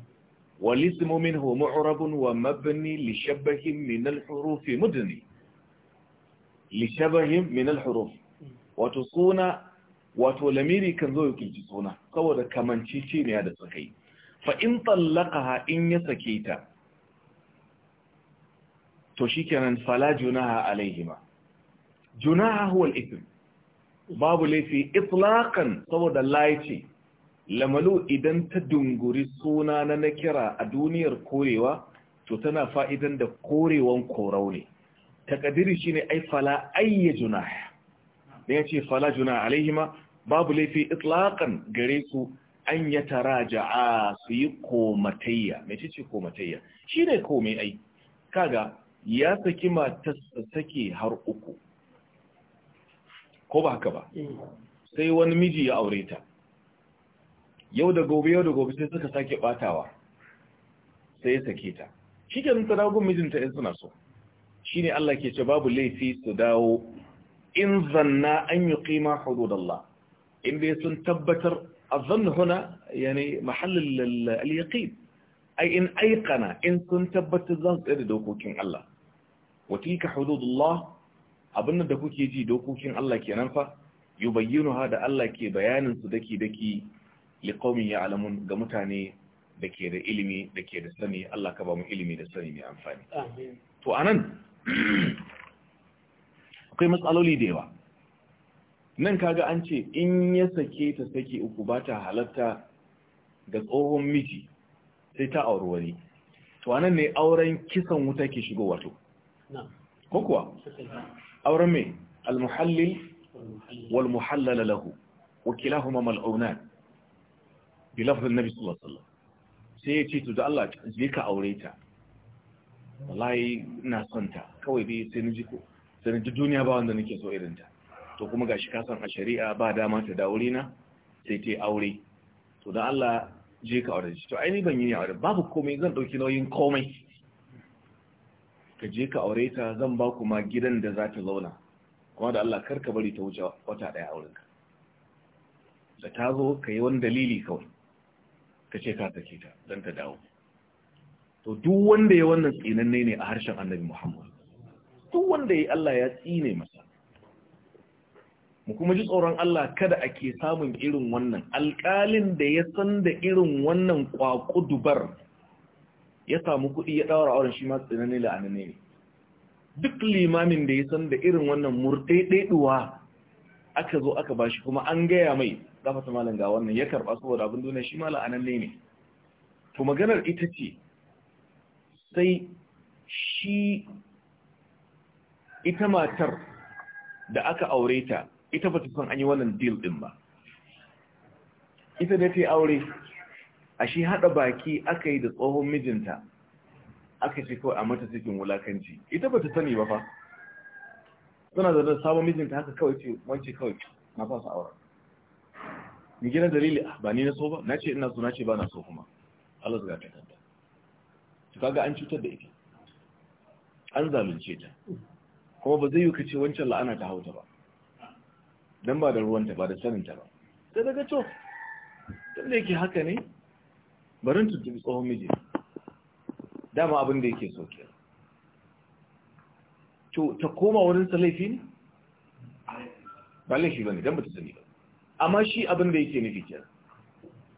wal ismu minhu mu'rabun wa mabni li shabahin min al huruf mudni li hmm. wato suna wato lamiri kan zo yake suna saboda kamancici ne da tsakai fa in tallaqaha in ya sake ta to shikenan fala junaha alaihima junaha ha al-ithm babu laifi itlaqan saboda laici lamalu idan ta dunguri suna na nakira a duniyar korewa to tana fa'idan da korewan korau ne takadiri shine ai fala ayya junah da yace fala junah alaihima babu laifi itlaqan gare su an ya taraja'a su yi komatayya mai ce komatayya shine komai ai kaga ya saki matar sake har uku ko ba haka ba eh. sai wani miji ya aure ta yau da gobe yau da gobe sai suka sake batawa sai ya sake ta shi ke nuna dagun mijinta in suna so shi ne Allah ke ce babu laifi su dawo in zanna an yi kima hududallah inda sun tabbatar a zanna huna yani mahallin ai in aikana in sun tabbatar zan su tsaye da dokokin Allah wa tilka hududullah abinda da kuke ji dokokin Allah ke nan fa yubayyinuha da Allah ke bayanin su daki daki liqaumin ya'lamun ga mutane da ke da ilimi da ke da sani Allah ka ba mu ilimi da sani mai amfani to anan [clears throat] akwai matsaloli da yawa nan kaga an ce in ya sake ta sake uku ba ta halatta ga tsohon miji sai ta auri wani to anan ne auren kisan wuta ke shigo wato ko kuwa auren mai almuhallil wal muhallala lahu wakilahuma mal'aunan bi lafzin nabi sai ya ce to da Allah je ka aure ta wallahi na son ta kawai dai sai na ji ko sai ni duniya ba wanda nake so irin ta to kuma gashi ka san a shari'a ba dama ta dawo na sai ta aure to da Allah je ka aure to ai ni ban yi aure babu komai zan dauki nauyin komai ka je ka aure ta zan ba ku ma gidan da za ta zauna kuma da Allah kar ka bari ta wuce wata ɗaya a ka da ta zo ka yi wani dalili kawai ka ce ka sake ta don ta dawo to duk wanda ya wannan tsinanne ne a harshen annabi Muhammad duk wanda ya Allah ya tsine masa mu kuma ji tsoron Allah kada ake samun irin wannan alƙalin da ya san da irin wannan kwakudubar ya samu kuɗi ya ɗaura auren shi ma tsinanne la'ananne ne duk limamin da ya san da irin wannan murɗaiɗaiɗuwa aka zo aka bashi kuma an gaya mai zafata malam ga wannan ya karɓa saboda abin duniya shi ma la'ananne ne to maganar ita ce sai shi ita matar da aka aure ta ita ba ta san an yi wannan deal din ba ita da ta yi aure a shi haɗa baki aka yi da tsohon mijinta aka ce kawai a mata cikin wulakanci ita ba ta sani ba fa suna da sabon mijinta haka kawai ce wance kawai na su aure ni gina dalili ah, ba ni na so ba na ce ina so na ce ba na so kuma Allah zai gata kanta to kaga an cutar da ita an zalunce ta kuma ba zai yi kace wancan la'ana ta hauta ba dan ba da ruwanta ba da saninta ba sai daga to tunda yake haka ne barin tuntubi tsohon miji dama abin da yake so to ta koma wurin sa ne ba laifi bane dan bata sani ba amma shi abin da yake nufi kenan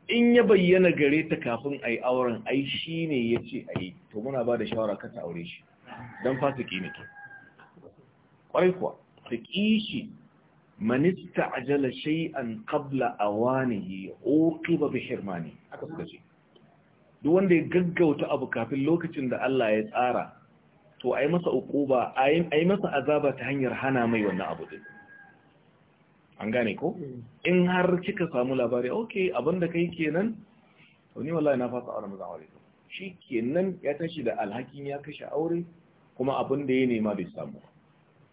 in ya bayyana gare ta kafin a yi auren ai shi ne ya ce a yi to muna ba da shawara ka ta aure shi don fasa ne ke ƙwarai kuwa ta ƙi shi manista ajala shay'an qabla awanihi uqiba bi hirmani aka suka ce duk wanda ya gaggauta abu kafin lokacin da Allah ya tsara to a yi masa ukuba a yi masa azaba ta hanyar hana mai wannan abu din an gane ko mm. in har kika samu labari okay abinda kai kenan to ni wallahi na fasa aure mazan aure shi kenan ya tashi da alhakin ya kashe aure kuma abin da ya nema bai samu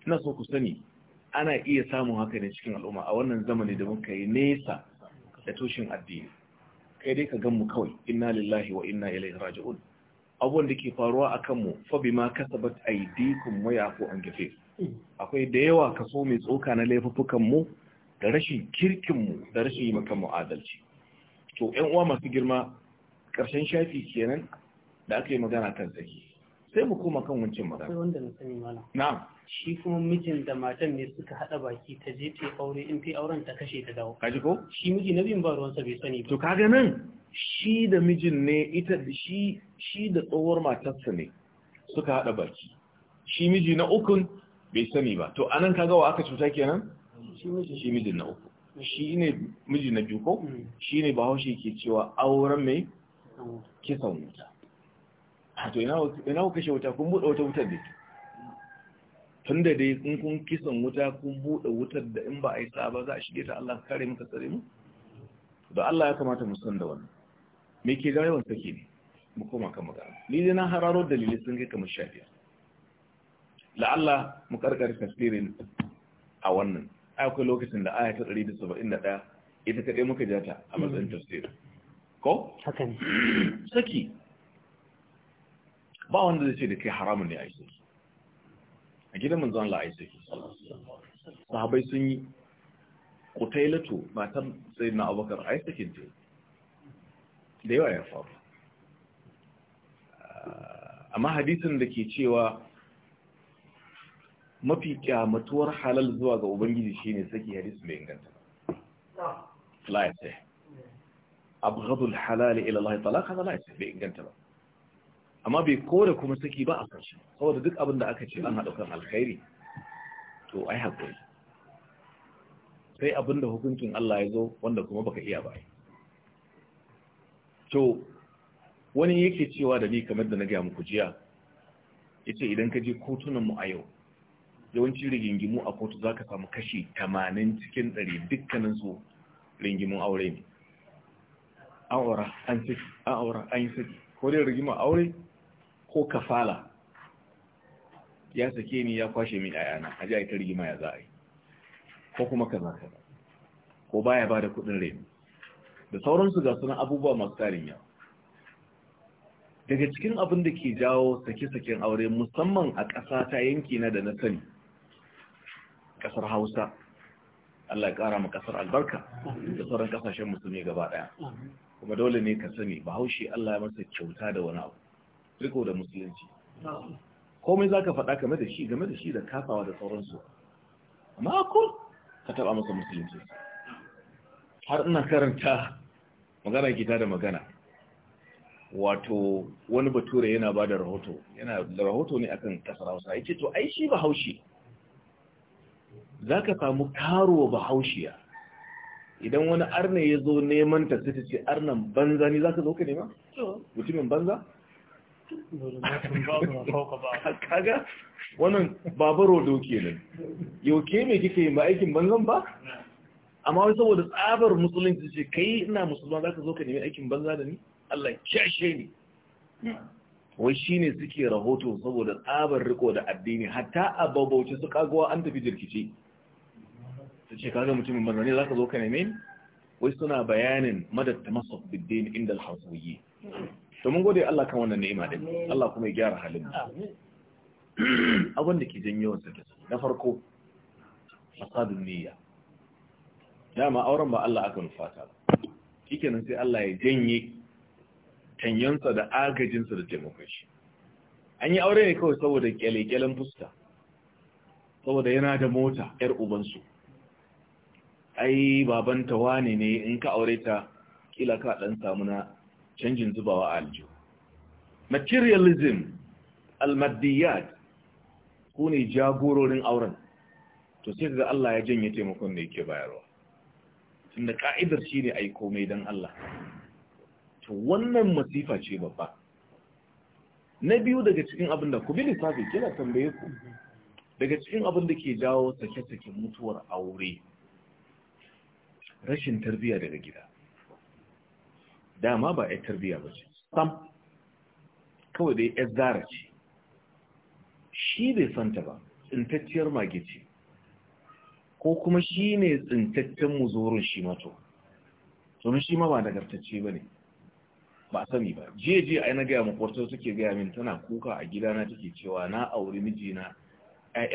ina so ku sani ana iya samun haka ne cikin al'umma a wannan zamani da muka yi nesa da tushen addini kai dai ka ganmu kawai inna lillahi wa inna ilaihi raji'un abubuwan da ke faruwa akan mu, fa bima kasabat aydikum wa yafu an gafe akwai da yawa ka so mai tsoka na laifukan mu da rashin kirkin mu da rashin makan mu adalci to ƴan uwa masu girma ƙarshen shafi kenan da aka yi magana kan tsaki sai mu koma kan wancan magana akwai wanda na sani mana Na. shi kuma mijin da matan ne suka haɗa baki ta je ta aure in ta auren ta kashe ta dawo kaji ko shi miji na biyun ba ruwansa bai sani ba to kaga nan shi da mijin ne ita shi shi da tsohuwar matarsa ne suka haɗa baki shi miji na ukun bai sani ba to anan kaga wa aka cuta kenan shi mijin na uku shi ne miji na biyu ko mm. shi ne bahaushe ke cewa auren mai kisan wuta to ina ku kashe wuta kun buɗe wata wutar da tun da dai in kun kisan wuta kun buɗe wutar da in ba a yi sa ba za a shige ta Allah kare muka tsare mu da Allah ya kamata mu san da wannan me ke ga yawan sake ne mu koma kan magana ni dai na hararo dalilai sun kai kamar shafiya. la Allah mu karkar tafsirin a wannan akwai lokacin da aya ta 171 ita kadai muka jata a matsayin tafsir ko? haka ne saki ba wanda zai ce da kai haramun ne a yi saki a gidan manzo Allah a yi saki sahabai sun yi kutailatu matan sayyidina abubakar a yi sakin te da yawa ya faru amma hadisin da ke cewa mafi kyamatuwar halal zuwa ga ubangiji shine saki hadis mai inganta la ya sai abghadul halal ila Allah talaq hada la ya sai bai inganta ba amma bai kore kuma saki ba a kanshi saboda duk abin da aka ce an haɗa kan alkhairi to ai haƙuri sai abin da hukuncin Allah ya zo wanda kuma baka iya ba to wani yake cewa da ni kamar da na gaya muku jiya yace idan ka je kotunan mu a yau yawancin rigingimu a kotu zaka samu kashi 80 cikin 100 dukkanin su rigingimun aure ne an aura an saki yi saki ko dai rigima aure ko kafala ya sake ni ya kwashe min ayana a ji a rigima ya za yi ko kuma kaza kaza ko baya ba da kudin rai da sauransu ga suna abubuwa masu tarin ya daga cikin abin da ke jawo sake-saken aure musamman a ƙasa ta yanki na da na sani ƙasar hausa Allah ya ƙara ma ƙasar albarka da sauran ƙasashen musulmi gaba ɗaya kuma dole ne ka sani bahaushe Allah ya masa kyauta da wani abu riko da musulunci komai za ka faɗa game da shi game da shi da kafawa da sauransu amma ka taɓa masa musulunci har ina karanta magana gida da magana wato wani bature yana ba da rahoto yana da rahoto ne akan kasar hausa ya ce to ai shi bahaushe za ka samu karo bahaushiya idan wani arna ya zo neman ta sai ce arnan banza ne za ka zo ka nema mutumin banza [laughs] kaga wannan babaro doke nan yau ke mai kike yin ba aikin banzan ba amma wai saboda tsabar musulunci ce kai ina musulman za ka zo ka nemi aikin banza da ni Allah kyashe ni wai shi ne suke rahoto saboda tsabar riko da addini hatta a babauce su kagowa an tafi jirkice su ce kaga mutumin banza ne za ka zo ka nemi? wai suna bayanin madad masu biddin inda al-hausawiyyi to mun gode Allah kan wannan ni'ima din Allah kuma ya gyara halin [clears throat] abin da ke janyo na farko fasadun niyya dama auren ba Allah aka nufata ba shikenan sai Allah ya janye tanyansa da agajinsa da taimakon shi an yi aure ne kawai saboda kyalekyalen kyalen fuska saboda yana da mota yar ubansu ai babanta wane ne in ka aure ta kila ka dan samu na canjin zubawa a aljihu materialism almaddiyat ku ne jagororin auren to sai ga Allah ya janye taimakon da yake bayarwa tunda ka'idar shi ne a yi komai don Allah to wannan masifa ce babba na biyu daga cikin abin da ku bi lissafi kina tambaye ku daga cikin abin da ke jawo sake-sake mutuwar aure rashin tarbiya daga gida dama ba ya tarbiya ba ce sam kawai dai ya zara ce shi bai santa ba tsintacciyar mage ce ko kuma shi ne tsintaccen muzorin shi mato domin shi ma ba nagartacce ba ne ba sani ba jeje a na gaya makwarta suke gaya min tana kuka a gidana take cewa na auri mijina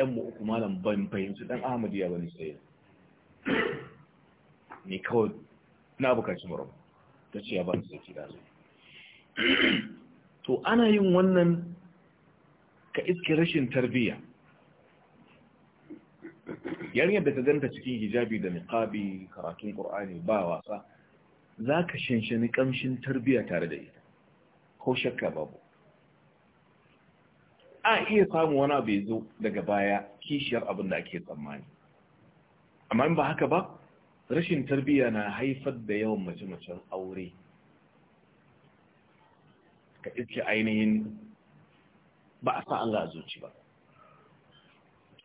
mu uku malam ban fahimci ɗan ahmadiyya ba ne sai ni kawai na bukaci murabu ta ce ya ba su zaki da [clears throat] to ana yin wannan ka iske rashin tarbiyya yarinyar da ta ganta cikin hijabi da niqabi karatun qur'ani ba wasa za zaka shanshani ƙamshin tarbiyya tare da ita ko shakka babu a iya samu wani abu ya zo daga baya kishiyar abin da ake tsammani amma in ba haka ba rashin tarbiyya na haifar da yawan mace-macen aure ka ɗauki ainihin ba a sa Allah zuci ba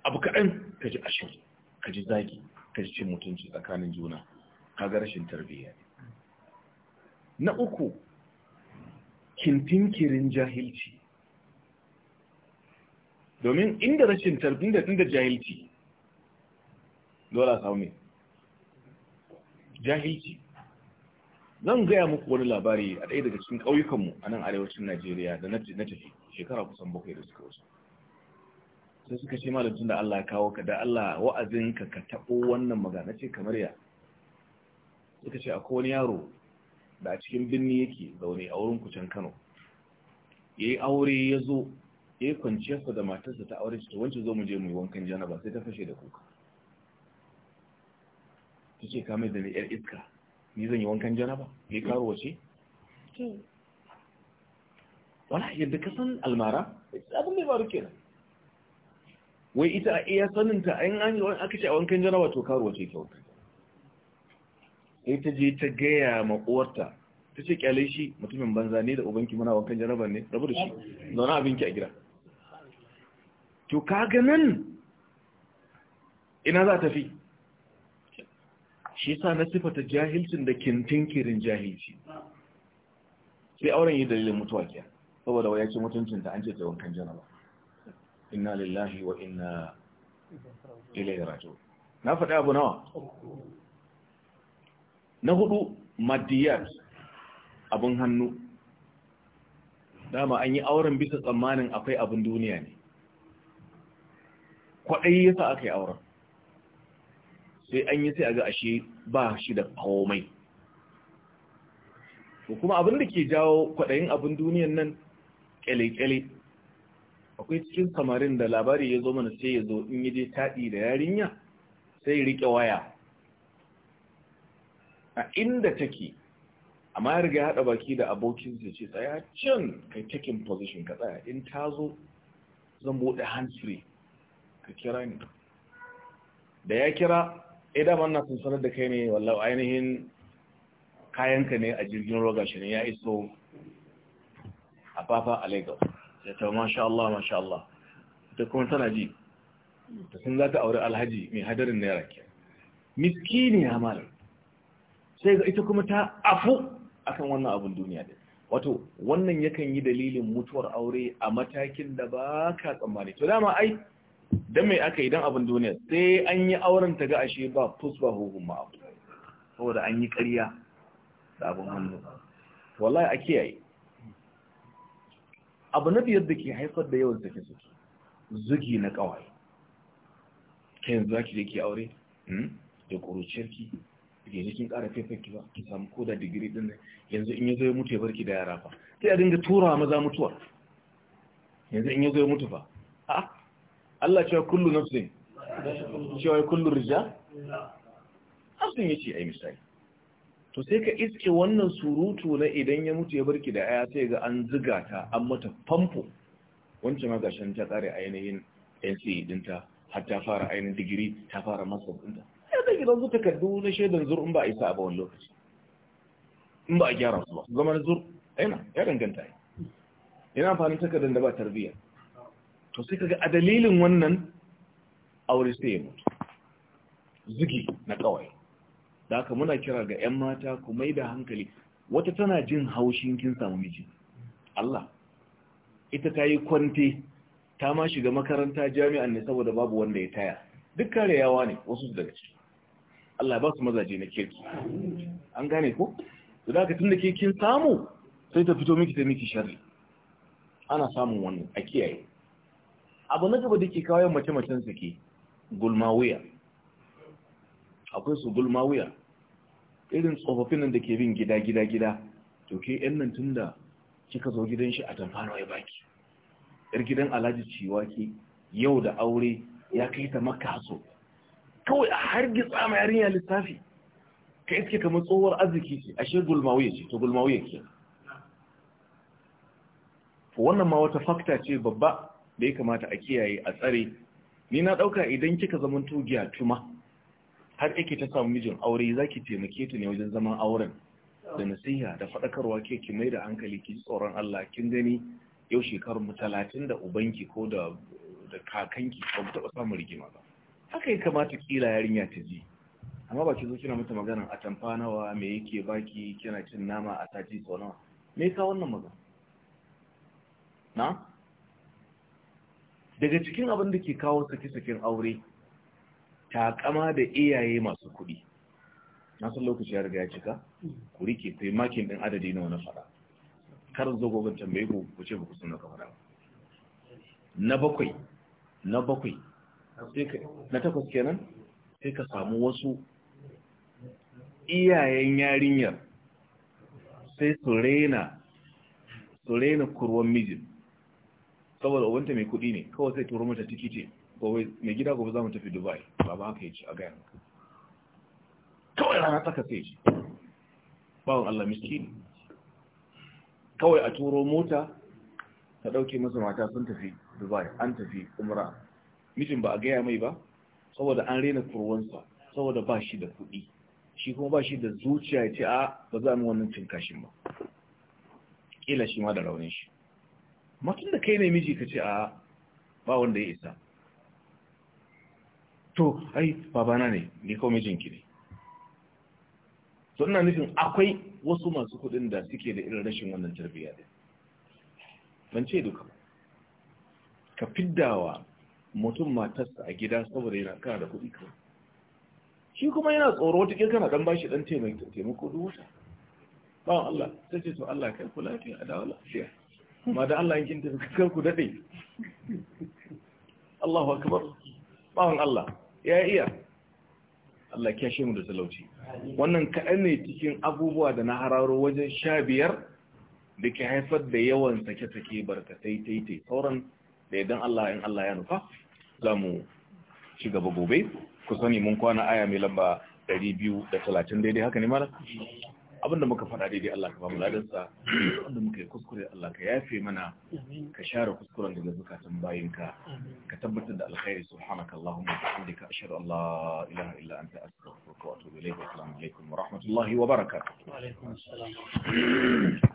abu kaɗan ka ji ashir ka ji zagi ka ji cin mutunci tsakanin juna ka ga rashin tarbiyya na uku kintinkirin jahilci domin inda rashin tarbiyya inda jahilci dole a samu jahilci zan gaya muku wani labari a ɗaya daga cikin ƙauyukanmu a nan arewacin najeriya da na tafi shekara kusan bakwai da suka wasu sai suka ce malam tun da allah kawo ka da allah wa'azinka ka taɓo wannan magana ce kamar ya suka ce akwai wani yaro da a cikin birni yake zaune a wurin kucin kano ya yi aure ya zo ya yi kwanciyarsa da matarsa ta aure ta wancan zo mu je mu yi wankan janaba sai ta fashe da kuka ta ce kamar da yar iska ni zan yi wankan janaba ni karo wace wala yadda ka san almara abin da faru kenan wai ita a iya saninta a yin an aka ce a wankan janaba to karo wace ta wata? sai ta je ta gaya ma ta ce kyale shi mutumin banza ne da ubanki muna wankan jaraban ne rabu da shi zaune abinki a gida to ga nan ina za ta fi shi sa na sifata jahilcin da kintinkirin jahilci sai auren yi dalilin mutuwa ke saboda ya ce da an ce ta wankan janaba inna lillahi wa inna ilaihi rajo na faɗi abu nawa na hudu madiyar abin hannu dama an yi auren bisa tsammanin akwai abin duniya ne kwaɗayi yasa aka yi auren sai an yi sai a ga ashe ba shi da komai to kuma abin da ke jawo kwaɗayin abin duniyan nan ƙyale kyale akwai cikin samarin da labari ya zo mana sai ya zo in yi je taɗi da yarinya sai riƙe waya a inda take amma ya riga ya haɗa baki da abokin su ce tsaya cin kai taking position ka tsaya in ta zo zan buɗe free ka kira ni da ya kira idan eh, wannan sun da kai ne wallau ainihin kayanka ne a jirgin roga shi ne ya iso a fafa a lagos ya ta masha Allah masha Allah ta kuma tana ji ta sun za ta alhaji mai hadarin naira ke miskini ya malam sai ga ita kuma ta afu akan wannan abin duniya din wato wannan yakan yi dalilin mutuwar aure a matakin da ba ka tsammani to dama ai dan mai aka yi abin duniya sai an yi auren ta ga ashe ba fusba huhun ma abu saboda an yi ƙarya da abin hannu wallahi a kiyaye abu na biyar da ke haifar da yawan sake suke zugi na ƙawaye ta yanzu za ki je ki aure hmm? da ƙuruciyar ki da jikin ƙara faifan ki ba ki samu koda digiri ɗin yanzu in ya zo ya mutu ya barki da yara fa sai a dinga tura maza mutuwa yanzu in ya zo ya mutu fa a Allah cewa kullu nafsin cewa kullu rija asin yace ai misali to sai ka iske wannan surutu na idan ya mutu ya barki da aya sai ga an ziga ta an mata famfo wancan ma gashin ta kare ainihin NCE dinta har ta fara ainihin digiri ta fara masters dinta sai da gidan zuwa takardu na shaidan zur in ba a isa a wani lokaci in ba a gyara su ba zama na zur aina ya danganta ina amfani takardar da ba tarbiyya to sai kaga a dalilin wannan aure sai ya mutu zugi na kawai da haka muna kira ga 'yan mata ku mai da hankali wata tana jin haushin kin samu miji Allah ita ta yi kwante ta ma shiga makaranta jami'an ne saboda babu wanda ya taya duk kare yawa ne wasu daga ciki Allah ba su mazaje na kirki an gane ko to da ka tunda ke kin samu sai ta fito miki ta miki sharri ana samun wannan a kiyaye abu na gaba da ke kawo mace-macen suke gulmawuya akwai su gulmawuya irin tsofaffin nan da ke bin gida gida gida to ke yan nan tun da kika zo gidan shi a tamfano ya baki yar gidan alhaji cewa ke yau da aure ya kai ta maka so kawai a har gitsa ma yarinya lissafi ka iske kamar tsohuwar arziki ce ashe gulmawuya ce to gulmawuya ke wannan ma wata fakta ce babba da ya kamata a kiyaye a tsare ni na ɗauka idan kika zaman togiya tuma har yake ta samu mijin aure za ki taimake ta ne wajen zaman auren da nasiha da faɗakarwa ke ki mai da hankali ki tsoron Allah kin gani yau shekarar mu talatin da ubanki ko da da kakanki ba mu taɓa samun rigima ba haka ya kamata kila yarinya ta ji amma ba ki zo kina mata magana a tamfa nawa me yake baki kina cin nama a sati sau nawa me ka wannan magana na daga cikin abin da ke kawo sake-saken aure takama da iyaye masu kuɗi na san lokaci ya riga ya cika ku rike kai makin ɗin adadi na wani fara kar zo gogon tambaye ku ku ce ba ku na kamar na bakwai na bakwai na takwas kenan sai ka samu wasu iyayen yarinyar sai su raina su raina kurwan mijin saboda ubanta mai kuɗi ne kawai sai turo mata tikiti gobe mai gida gobe za mu tafi dubai ba ba haka yace a gaya maka kawai rana ta kafe shi bawon allah ne. kawai a turo mota ta ɗauke masa mata sun tafi dubai an tafi umra mijin ba a gaya mai ba saboda an rena kurwansa saboda ba shi da kuɗi shi kuma ba shi da zuciya ya ce a ba za mu wannan cin kashin ba kila shi ma da raunin shi matun da kai ne miji ka ce a ba wanda ya isa to ai babana ne ni kawai mijinki ne to ina nufin akwai wasu masu kudin da suke da irin rashin wannan tarbiyya din ban ce duka ka fiddawa mutum matarsa a gida saboda yana kana da kuɗi kawai shi kuma yana tsoro wata kirka na dan bashi dan taimako duk wata bawan Allah sai ce to Allah kai kula lafiya a dawo lafiya ma da Allah yankin tafi kar ku Allah Allahu akbar ɓawon Allah ya iya Allah ya kyashe mu da talauci wannan kaɗan ne cikin abubuwa da na hararo wajen sha biyar da ke haifar da yawan sake-sake barkatai taitai sauran da idan Allah in Allah ya nufa za mu ci gaba gobe ku sani mun kwana aya mai lamba 230 daidai haka ne malam? abinda muka faɗa daidai Allah ka ba mu ladansa wanda muka yi kuskure Allah ka yafe mana ka share kuskuren daga zukatan bayinka ka tabbatar da alkhairi subhanaka allahumma wa bihamdika ashhadu an la ilaha illa anta astaghfiruka wa atubu ilayk assalamu alaikum wa rahmatullahi wa barakatuh wa alaikum assalam [clears throat]